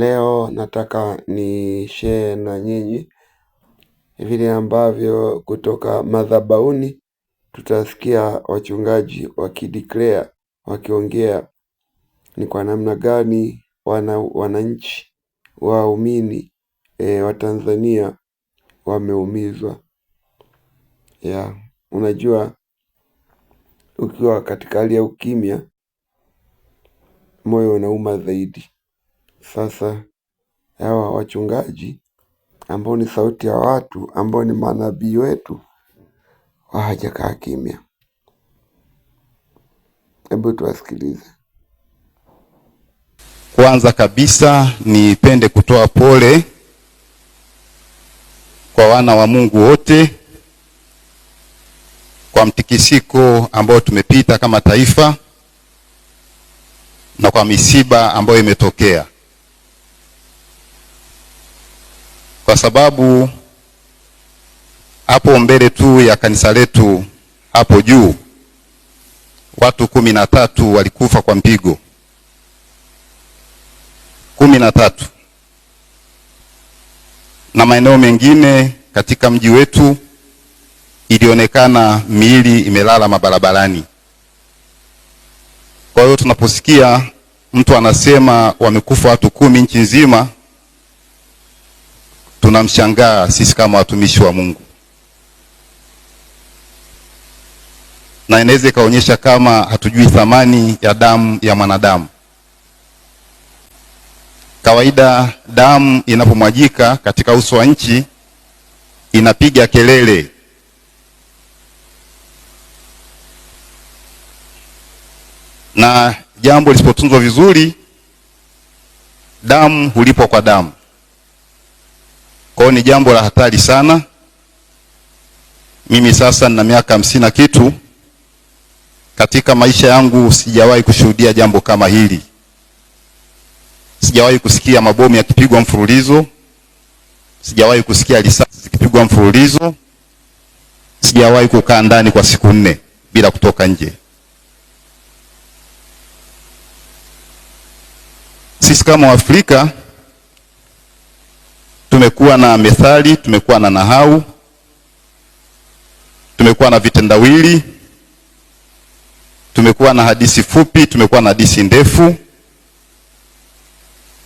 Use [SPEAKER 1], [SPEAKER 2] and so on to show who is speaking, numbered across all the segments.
[SPEAKER 1] Leo nataka ni share na nyinyi vile ambavyo kutoka madhabauni tutasikia wachungaji wakideclare, wakiongea ni kwa namna gani wana, wananchi waumini e, wa Tanzania wameumizwa yeah. Unajua, ukiwa katika hali ya ukimya moyo unauma zaidi. Sasa hawa wachungaji ambao ni sauti ya watu ambao ni manabii wetu hawajakaa kimya. Hebu tuwasikilize.
[SPEAKER 2] Kwanza kabisa nipende kutoa pole kwa wana wa Mungu wote kwa mtikisiko ambao tumepita kama taifa na kwa misiba ambayo imetokea. kwa sababu hapo mbele tu ya kanisa letu hapo juu watu kumi na tatu walikufa kwa mpigo, kumi na tatu, na maeneo mengine katika mji wetu ilionekana miili imelala mabarabarani. Kwa hiyo tunaposikia mtu anasema wamekufa watu kumi nchi nzima tunamshangaa sisi kama watumishi wa Mungu, na inaweza ikaonyesha kama hatujui thamani ya damu ya mwanadamu. Kawaida damu inapomwajika katika uso wa nchi inapiga kelele, na jambo lisipotunzwa vizuri, damu hulipwa kwa damu kwao ni jambo la hatari sana. Mimi sasa nina miaka hamsini na kitu, katika maisha yangu sijawahi kushuhudia jambo kama hili. Sijawahi kusikia mabomu yakipigwa mfululizo, sijawahi kusikia risasi zikipigwa mfululizo, sijawahi kukaa ndani kwa siku nne bila kutoka nje. Sisi kama Waafrika tumekuwa na methali, tumekuwa na nahau, tumekuwa na vitendawili, tumekuwa na hadithi fupi, tumekuwa na hadithi ndefu,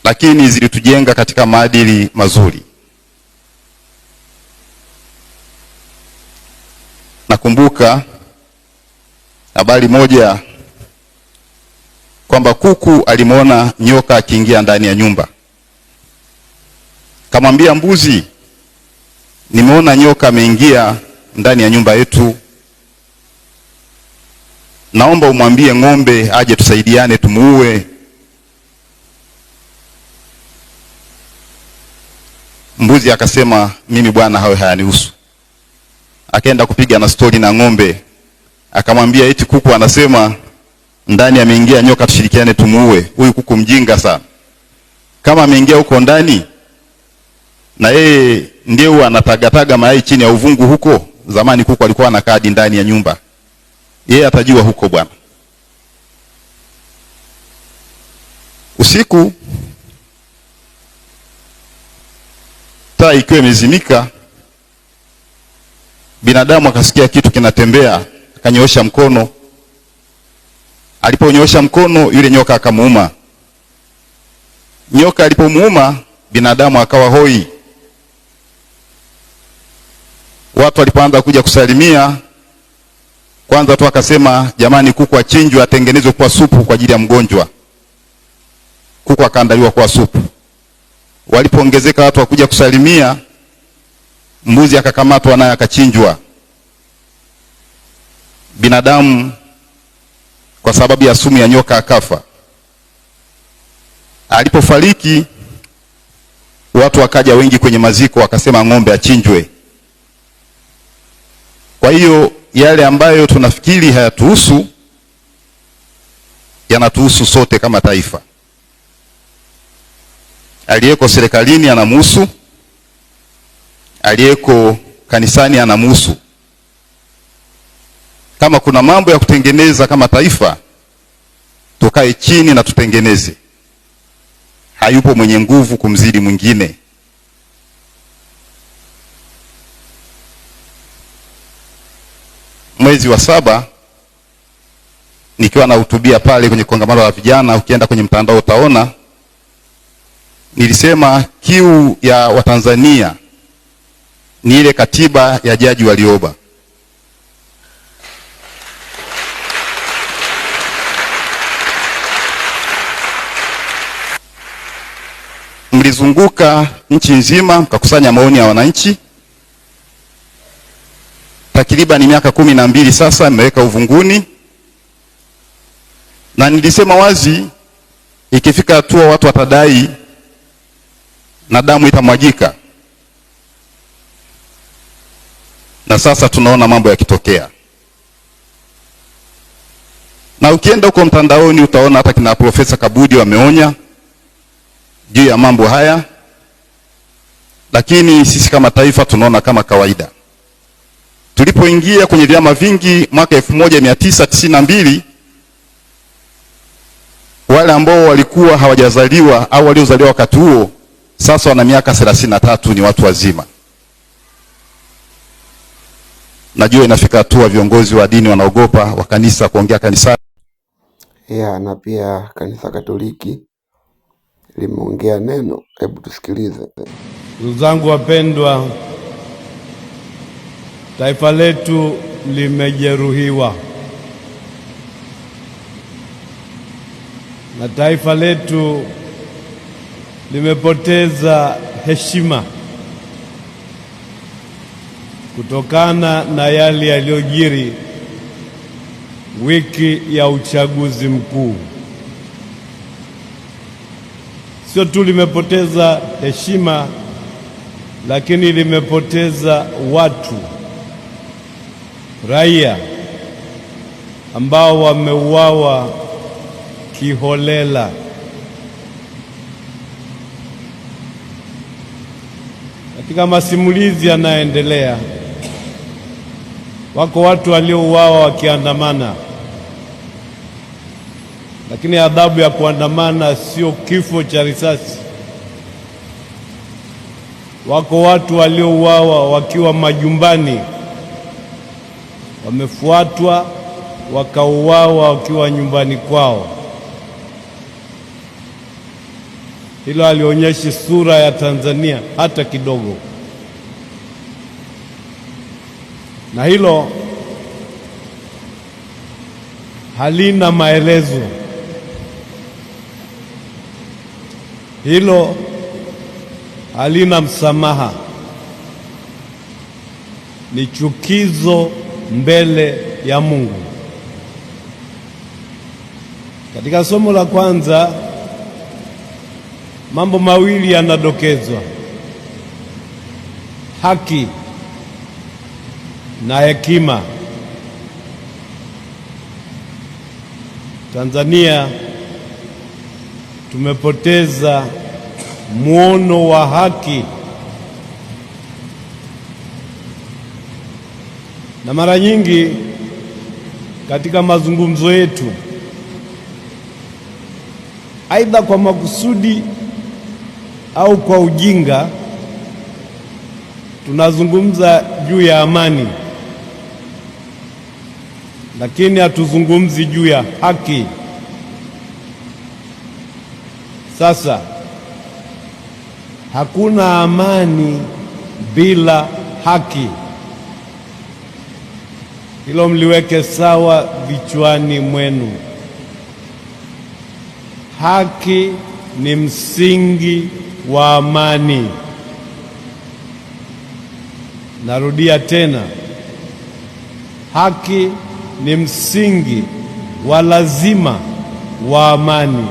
[SPEAKER 2] lakini zilitujenga katika maadili mazuri. Nakumbuka habari moja kwamba kuku alimwona nyoka akiingia ndani ya nyumba Akamwambia mbuzi, nimeona nyoka ameingia ndani ya nyumba yetu, naomba umwambie ng'ombe aje tusaidiane tumuue. Mbuzi akasema mimi bwana, hayo hayanihusu. Akaenda kupiga na stori na ng'ombe, akamwambia eti kuku anasema ndani ameingia nyoka, tushirikiane tumuue huyu kuku mjinga sana. Kama ameingia huko ndani, na yeye ndio anatagataga mayai chini ya uvungu huko. Zamani kuku alikuwa na kadi ndani ya nyumba, yeye atajua huko bwana. Usiku taa ikiwa imezimika, binadamu akasikia kitu kinatembea, akanyoosha mkono. Aliponyoosha mkono, yule nyoka akamuuma. Nyoka alipomuuma, binadamu akawa hoi. Watu walipoanza kuja kusalimia, kwanza tu akasema jamani, kuku achinjwe atengenezwe kuwa supu kwa ajili ya mgonjwa. Kuku akaandaliwa kuwa supu. Walipoongezeka watu wakuja kusalimia, mbuzi akakamatwa naye akachinjwa. Binadamu kwa sababu ya sumu ya nyoka akafa. Alipofariki watu wakaja wengi kwenye maziko, wakasema ng'ombe achinjwe. Kwa hiyo yale ambayo tunafikiri hayatuhusu yanatuhusu sote kama taifa. Aliyeko serikalini anamhusu, aliyeko kanisani anamhusu. Kama kuna mambo ya kutengeneza kama taifa, tukae chini na tutengeneze. Hayupo mwenye nguvu kumzidi mwingine. mwezi wa saba nikiwa nahutubia pale kwenye kongamano la vijana, ukienda kwenye mtandao utaona, nilisema kiu ya Watanzania ni ile katiba ya Jaji Warioba. Mlizunguka nchi nzima mkakusanya maoni ya wananchi takriban miaka kumi na mbili sasa nimeweka uvunguni, na nilisema wazi, ikifika hatua watu watadai na damu itamwagika, na sasa tunaona mambo yakitokea na ukienda huko mtandaoni utaona hata kina Profesa Kabudi wameonya juu ya mambo haya, lakini sisi kama taifa tunaona kama kawaida. Tulipoingia kwenye vyama vingi mwaka 1992 wale ambao walikuwa hawajazaliwa au waliozaliwa wakati huo sasa wana miaka 33, ni watu wazima. Najua inafika hatua viongozi wa dini wanaogopa wa kanisa kuongea kanisa.
[SPEAKER 1] Yeah, na pia kanisa Katoliki limeongea neno. Hebu tusikilize.
[SPEAKER 3] Ndugu zangu wapendwa Taifa letu limejeruhiwa na taifa letu limepoteza heshima kutokana na yale yaliyojiri wiki ya uchaguzi mkuu. Sio tu limepoteza heshima, lakini limepoteza watu raia ambao wameuawa kiholela. Katika masimulizi yanayoendelea, wako watu waliouawa wakiandamana, lakini adhabu ya kuandamana sio kifo cha risasi. Wako watu waliouawa wakiwa majumbani wamefuatwa wakauawa wakiwa nyumbani kwao. Hilo alionyeshi sura ya Tanzania hata kidogo, na hilo halina maelezo. Hilo halina msamaha, ni chukizo mbele ya Mungu. Katika somo la kwanza, mambo mawili yanadokezwa: haki na hekima. Tanzania tumepoteza muono wa haki Na mara nyingi katika mazungumzo yetu, aidha kwa makusudi au kwa ujinga, tunazungumza juu ya amani, lakini hatuzungumzi juu ya haki. Sasa hakuna amani bila haki. Hilo mliweke sawa vichwani mwenu. Haki ni msingi wa amani. Narudia tena, haki ni msingi wa lazima wa amani.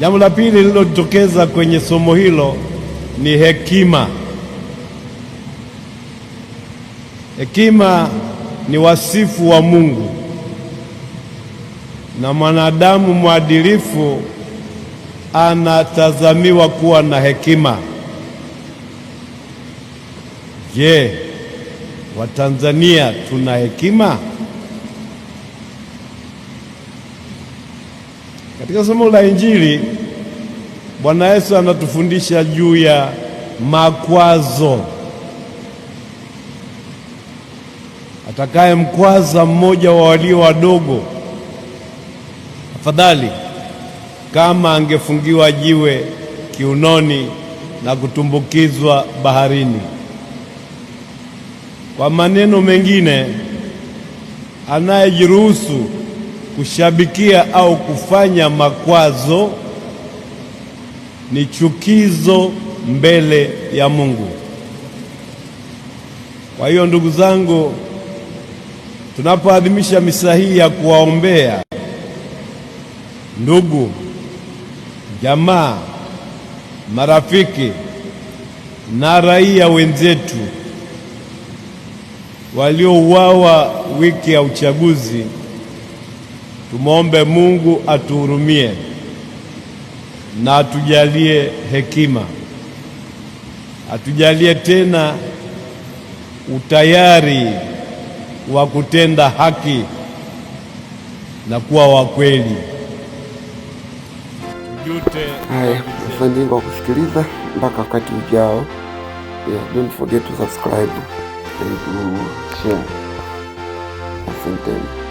[SPEAKER 3] Jambo la pili lilotokeza kwenye somo hilo ni hekima. Hekima ni wasifu wa Mungu na mwanadamu mwadilifu anatazamiwa kuwa na hekima. Je, Watanzania tuna hekima? Katika somo la Injili Bwana Yesu anatufundisha juu ya makwazo atakayemkwaza mmoja wa walio wadogo, afadhali kama angefungiwa jiwe kiunoni na kutumbukizwa baharini. Kwa maneno mengine, anayejiruhusu kushabikia au kufanya makwazo ni chukizo mbele ya Mungu. Kwa hiyo ndugu zangu tunapoadhimisha misa hii ya kuwaombea ndugu, jamaa, marafiki na raia wenzetu waliouawa wiki ya uchaguzi, tumwombe Mungu atuhurumie na atujalie hekima, atujalie tena utayari wa kutenda haki na kuwa wa kweli.
[SPEAKER 1] Haya, asanteni kwa kusikiliza mpaka wakati ujao. Yeah, don't forget to subscribe and to share. Asanteni.